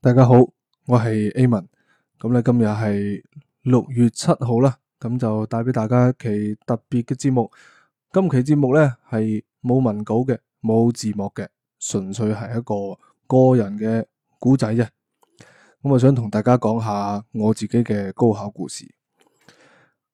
大家好，我係 A 文，咁咧，今日係六月七號啦，咁就帶俾大家一期特別嘅節目。今期節目咧，係冇文稿嘅，冇字幕嘅，純粹係一個個人嘅古仔啫。咁我想同大家講下我自己嘅高考故事。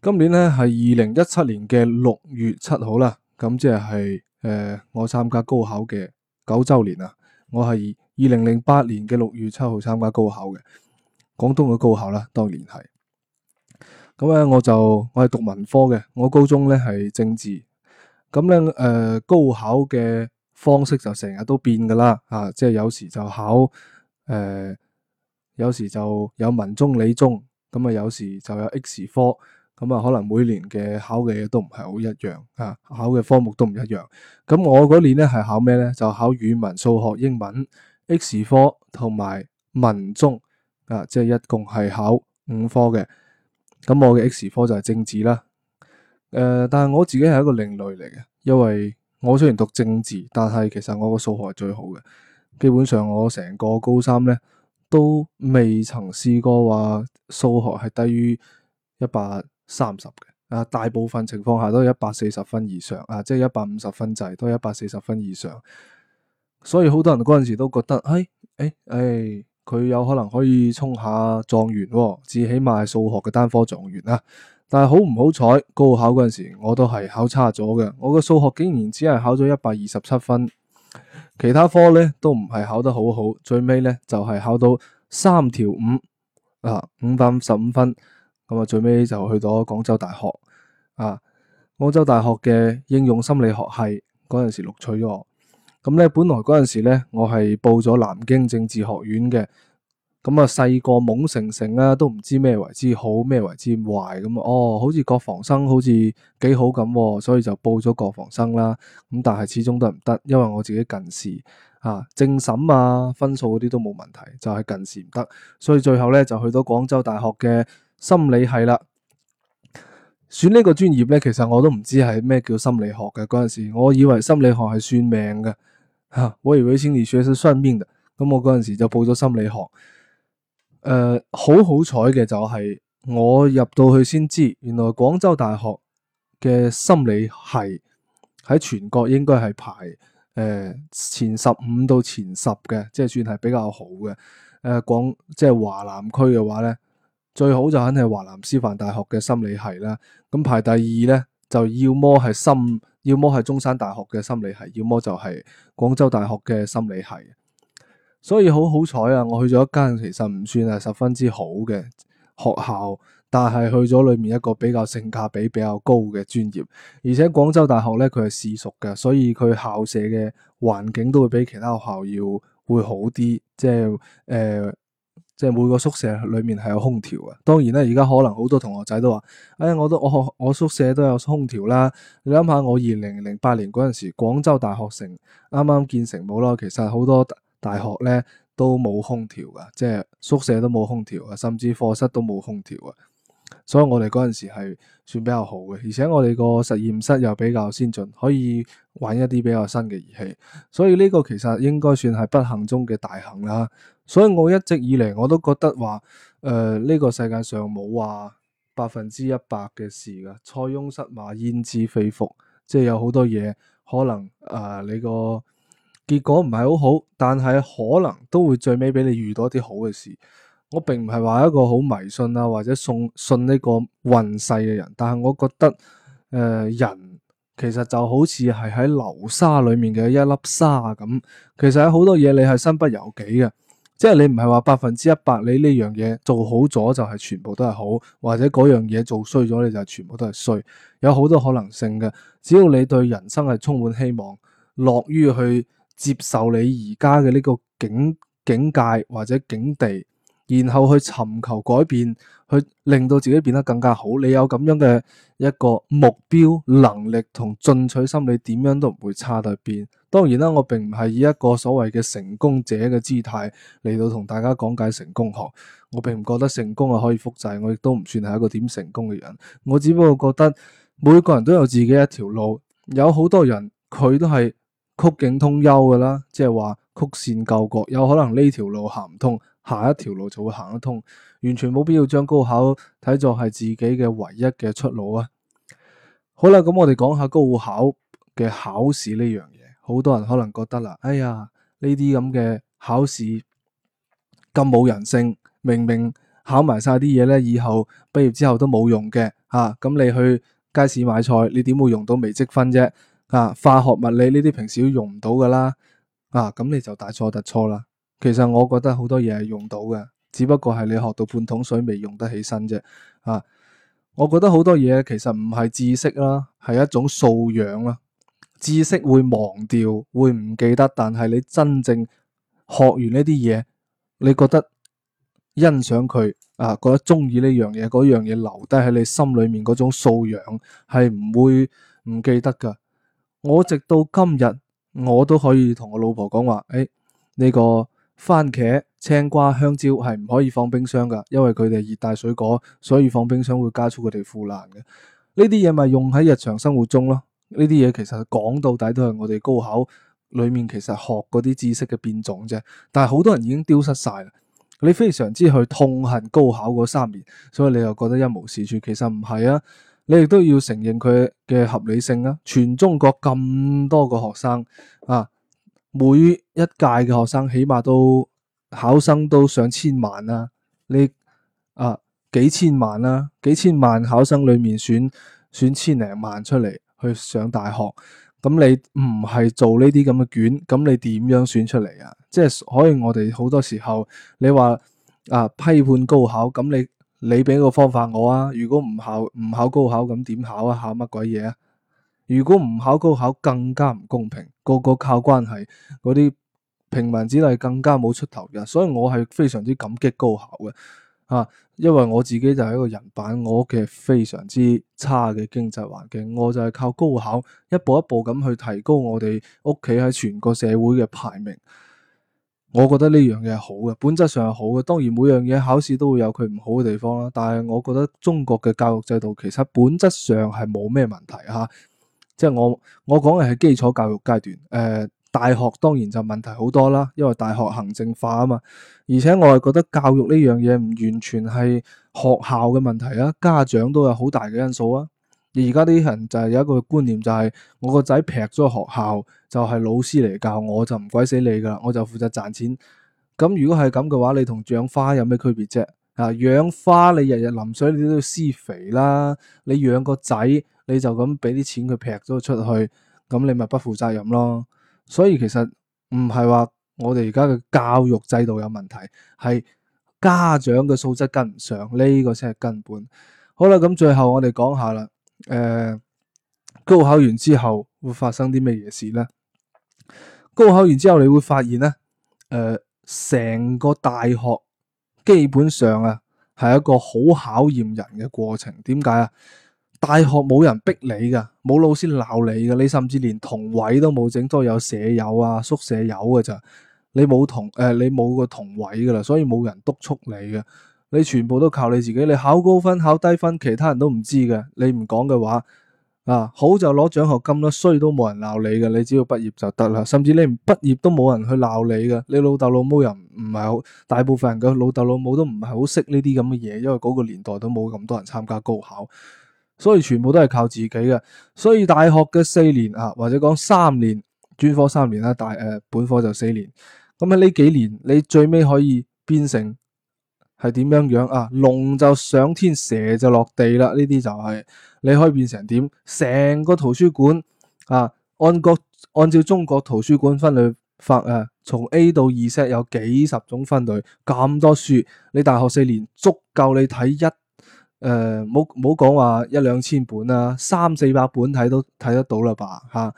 今年咧，係二零一七年嘅六月七號啦，咁即係誒我參加高考嘅九周年啦。我係。二零零八年嘅六月七號參加高考嘅廣東嘅高考啦，當年係咁咧，我就我係讀文科嘅，我高中咧係政治，咁咧誒，高考嘅方式就成日都變噶啦，啊，即係有時就考，誒、呃，有時就有文綜、理綜。咁啊，有時就有 X 科，咁啊，可能每年嘅考嘅嘢都唔係好一樣啊，考嘅科目都唔一樣。咁我嗰年咧係考咩咧？就考語文、數學、英文、X 科同埋文綜啊，即係一共係考五科嘅。咁我嘅 X 科就係政治啦。誒、呃，但係我自己係一個另類嚟嘅，因為我雖然讀政治，但係其實我個數學係最好嘅。基本上我成個高三咧都未曾試過話數學係低於一百三十嘅。啊，大部分情況下都係一百四十分以上。啊，即係一百五十分制都係一百四十分以上。所以好多人嗰陣時都覺得，嘿、哎，誒、哎，誒、哎，佢有可能可以衝下狀元，哦，至起碼係數學嘅單科狀元啊。但係好唔好彩，高考嗰陣時我都係考差咗嘅，我嘅數學竟然只係考咗一百二十七分，其他科咧都唔係考得好好，最尾咧就係、是、考到三條五啊，五百五十五分，咁啊最尾就去咗廣州大學啊，廣州大學嘅應用心理學系嗰陣時錄取咗我。咁咧，本來嗰陣時咧，我係報咗南京政治學院嘅。咁啊，細個懵成成啊，都唔知咩為之好，咩為之壞咁啊。哦，好似國防生好似幾好咁，所以就報咗國防生啦。咁但係始終都唔得，因為我自己近視啊，政審啊，分數嗰啲都冇問題，就係近視唔得。所以最後咧就去到廣州大學嘅心理系啦。選呢個專業咧，其實我都唔知係咩叫心理學嘅。嗰陣時我以為心理學係算命嘅。吓、啊，我以為心理學係算邊嘅？咁我嗰陣時就報咗心理學，誒、呃，好好彩嘅就係我入到去先知，原來廣州大學嘅心理系喺全國應該係排誒、呃、前十五到前十嘅，即係算係比較好嘅。誒、呃，廣即係華南區嘅話咧，最好就肯定係華南師範大學嘅心理系啦。咁排第二咧，就要麼係深，要麼係中山大學嘅心理系，要麼就係廣州大學嘅心理系。所以好好彩啊！我去咗一間其實唔算係十分之好嘅學校，但係去咗裏面一個比較性價比比較高嘅專業，而且廣州大學咧佢係市屬嘅，所以佢校舍嘅環境都會比其他學校要會好啲，即係誒。呃即係每個宿舍裏面係有空調嘅，當然啦，而家可能好多同學仔都話，哎我都我我宿舍都有空調啦。你諗下，我二零零八年嗰陣時，廣州大學城啱啱建成冇啦。其實好多大學咧，都冇空調噶，即係宿舍都冇空調啊，甚至課室都冇空調啊。所以我哋嗰陣時係算比較好嘅，而且我哋個實驗室又比較先進，可以玩一啲比較新嘅儀器。所以呢個其實應該算係不幸中嘅大幸啦。所以我一直以嚟我都覺得話，誒、呃、呢、這個世界上冇話百分之一百嘅事噶。蔡塞翁失馬，焉知非福，即係有好多嘢可能啊、呃、你個結果唔係好好，但係可能都會最尾俾你遇到啲好嘅事。我並唔係話一個好迷信啊，或者送信信呢個運勢嘅人，但係我覺得，誒、呃，人其實就好似係喺流沙裏面嘅一粒沙咁。其實有好多嘢你係身不由己嘅，即係你唔係話百分之一百你呢樣嘢做好咗就係全部都係好，或者嗰樣嘢做衰咗你就全部都係衰。有好多可能性嘅，只要你對人生係充滿希望，樂於去接受你而家嘅呢個境境界，或者境地。然後去尋求改變，去令到自己變得更加好。你有咁樣嘅一個目標、能力同進取心理，點樣都唔會差到變。當然啦，我並唔係以一個所謂嘅成功者嘅姿態嚟到同大家講解成功學。我並唔覺得成功啊可以複製，我亦都唔算係一個點成功嘅人。我只不過覺得每個人都有自己一條路，有好多人佢都係曲徑通幽噶啦，即係話曲線救國，有可能呢條路行唔通。下一條路就會行得通，完全冇必要將高考睇作係自己嘅唯一嘅出路啊！好啦，咁我哋講下高考嘅考試呢樣嘢。好多人可能覺得啦，哎呀，呢啲咁嘅考試咁冇人性，明明考埋晒啲嘢咧，以後畢業之後都冇用嘅嚇。咁你去街市買菜，你點會用到微積分啫？啊，化學、物理呢啲平時都用唔到噶啦。啊，咁你就大錯特錯啦！其實我覺得好多嘢係用到嘅，只不過係你學到半桶水未用得起身啫。啊，我覺得好多嘢其實唔係知識啦，係一種素養啦。知識會忘掉，會唔記得，但係你真正學完呢啲嘢，你覺得欣賞佢啊，覺得中意呢樣嘢，嗰樣嘢留低喺你心裏面嗰種素養係唔會唔記得噶。我直到今日，我都可以同我老婆講話：，誒，呢個。番茄、青瓜、香蕉係唔可以放冰箱噶，因為佢哋熱帶水果，所以放冰箱會加速佢哋腐爛嘅。呢啲嘢咪用喺日常生活中咯。呢啲嘢其實講到底都係我哋高考裏面其實學嗰啲知識嘅變種啫。但係好多人已經丟失晒啦。你非常之去痛恨高考嗰三年，所以你就覺得一無是處。其實唔係啊，你亦都要承認佢嘅合理性啊。全中國咁多個學生啊。每一屆嘅學生起碼都考生都上千萬啦、啊，你啊幾千萬啦、啊，幾千萬考生裏面選選千零萬出嚟去上大學，咁你唔係做呢啲咁嘅卷，咁你點樣選出嚟啊？即係所以我哋好多時候你，你話啊批判高考，咁你你俾個方法我啊，如果唔考唔考高考，咁點考啊？考乜鬼嘢啊？如果唔考高考，更加唔公平，個個靠關係，嗰啲平民子弟更加冇出頭嘅。所以我係非常之感激高考嘅，啊，因為我自己就係一個人版。我屋企非常之差嘅經濟環境，我就係靠高考一步一步咁去提高我哋屋企喺全個社會嘅排名。我覺得呢樣嘢係好嘅，本質上係好嘅。當然每樣嘢考試都會有佢唔好嘅地方啦，但係我覺得中國嘅教育制度其實本質上係冇咩問題吓。即係我我講嘅係基礎教育階段，誒、呃，大學當然就問題好多啦，因為大學行政化啊嘛，而且我係覺得教育呢樣嘢唔完全係學校嘅問題啊，家長都有好大嘅因素啊。而家啲人就係有一個觀念就係、是、我個仔劈咗學校，就係、是、老師嚟教，我就唔鬼死你㗎喇，我就負責賺錢。咁如果係咁嘅話，你同養花有咩區別啫？啊，養花你日日淋水，你都要施肥啦，你養個仔。你就咁俾啲錢佢劈咗出去，咁你咪不負責任咯。所以其實唔係話我哋而家嘅教育制度有問題，係家長嘅素質跟唔上，呢個先係根本。好啦，咁最後我哋講下啦，誒，高考完之後會發生啲咩嘢事咧？高考完之後你會發現咧，誒，成個大學基本上啊係一個好考驗人嘅過程。點解啊？大學冇人逼你噶，冇老師鬧你噶。你甚至連同位都冇整，都有舍友啊、宿舍友噶咋。你冇同誒、呃，你冇個同位噶啦，所以冇人督促你噶。你全部都靠你自己。你考高分考低分，其他人都唔知嘅。你唔講嘅話啊，好就攞獎學金啦，衰都冇人鬧你噶。你只要畢業就得啦，甚至你唔畢業都冇人去鬧你噶。你老豆老母又唔唔係好，大部分人嘅老豆老母都唔係好識呢啲咁嘅嘢，因為嗰個年代都冇咁多人參加高考。所以全部都係靠自己嘅，所以大學嘅四年啊，或者講三年專科三年啦，啊，大誒、呃、本科就四年。咁喺呢幾年，你最尾可以變成係點樣樣啊？龍就上天，蛇就落地啦。呢啲就係你可以變成點？成個圖書館啊，按國按照中國圖書館分類法啊，從 A 到 Z 有幾十種分類，咁多書，你大學四年足夠你睇一。誒，冇冇講話一兩千本啦，啊，三四百本睇都睇得到啦吧吓，啊，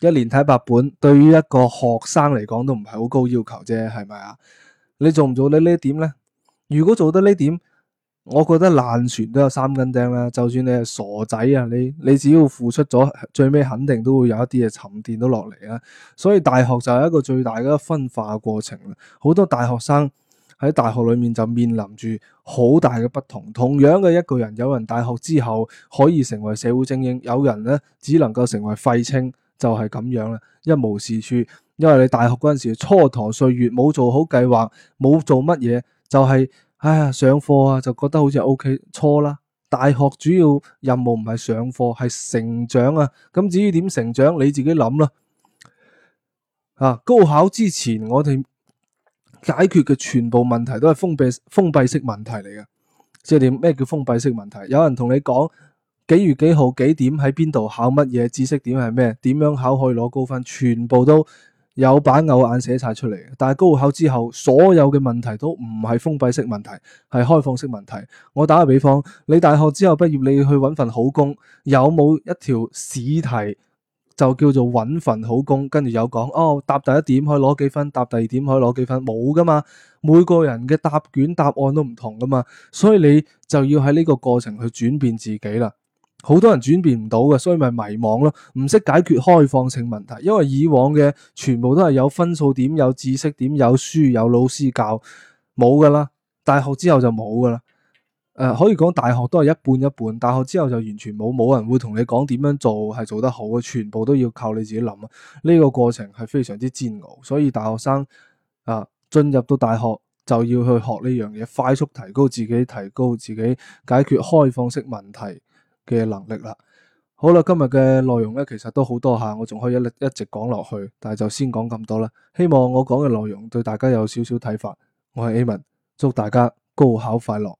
一年睇百本，對於一個學生嚟講都唔係好高要求啫，係咪啊？你做唔做得一點呢點咧？如果做得呢點，我覺得爛船都有三斤釘啦，啊。就算你係傻仔啊，你你只要付出咗，最尾肯定都會有一啲嘢沉澱都落嚟啊。所以大學就係一個最大嘅分化過程啦，好多大學生。喺大學裏面就面臨住好大嘅不同。同樣嘅一個人，有人大學之後可以成為社會精英，有人咧只能夠成為廢青，就係咁樣啦，一無是處。因為你大學嗰陣時蹉跎歲月，冇做好計劃，冇做乜嘢，就係唉呀上課啊，就覺得好似 OK。錯啦，大學主要任務唔係上課，係成長啊。咁至於點成長，你自己諗啦。啊，高考之前我哋解決嘅全部問題都係封閉封閉式問題嚟嘅，即係點咩叫封閉式問題？有人同你講幾月幾號幾點喺邊度考乜嘢知識點係咩？點樣考可以攞高分？全部都有把偶眼寫晒出嚟。但係高考之後，所有嘅問題都唔係封閉式問題，係開放式問題。我打個比方，你大學之後畢業，你去揾份好工，有冇一條試題？就叫做揾份好工，跟住有講哦，答第一點可以攞幾分，答第二點可以攞幾分，冇㗎嘛。每個人嘅答卷答案都唔同㗎嘛，所以你就要喺呢個過程去轉變自己啦。好多人轉變唔到嘅，所以咪迷惘咯，唔識解決開放性問題。因為以往嘅全部都係有分數點、有知識點、有書、有老師教，冇㗎啦。大學之後就冇㗎啦。誒、呃，可以講大學都係一半一半，大學之後就完全冇冇人會同你講點樣做係做得好嘅，全部都要靠你自己諗啊！呢、這個過程係非常之煎熬，所以大學生啊、呃，進入到大學就要去學呢樣嘢，快速提高自己，提高自己解決開放式問題嘅能力啦。好啦，今日嘅內容咧，其實都好多下，我仲可以一一直講落去，但係就先講咁多啦。希望我講嘅內容對大家有少少睇法。我係 Amin，祝大家高考快樂。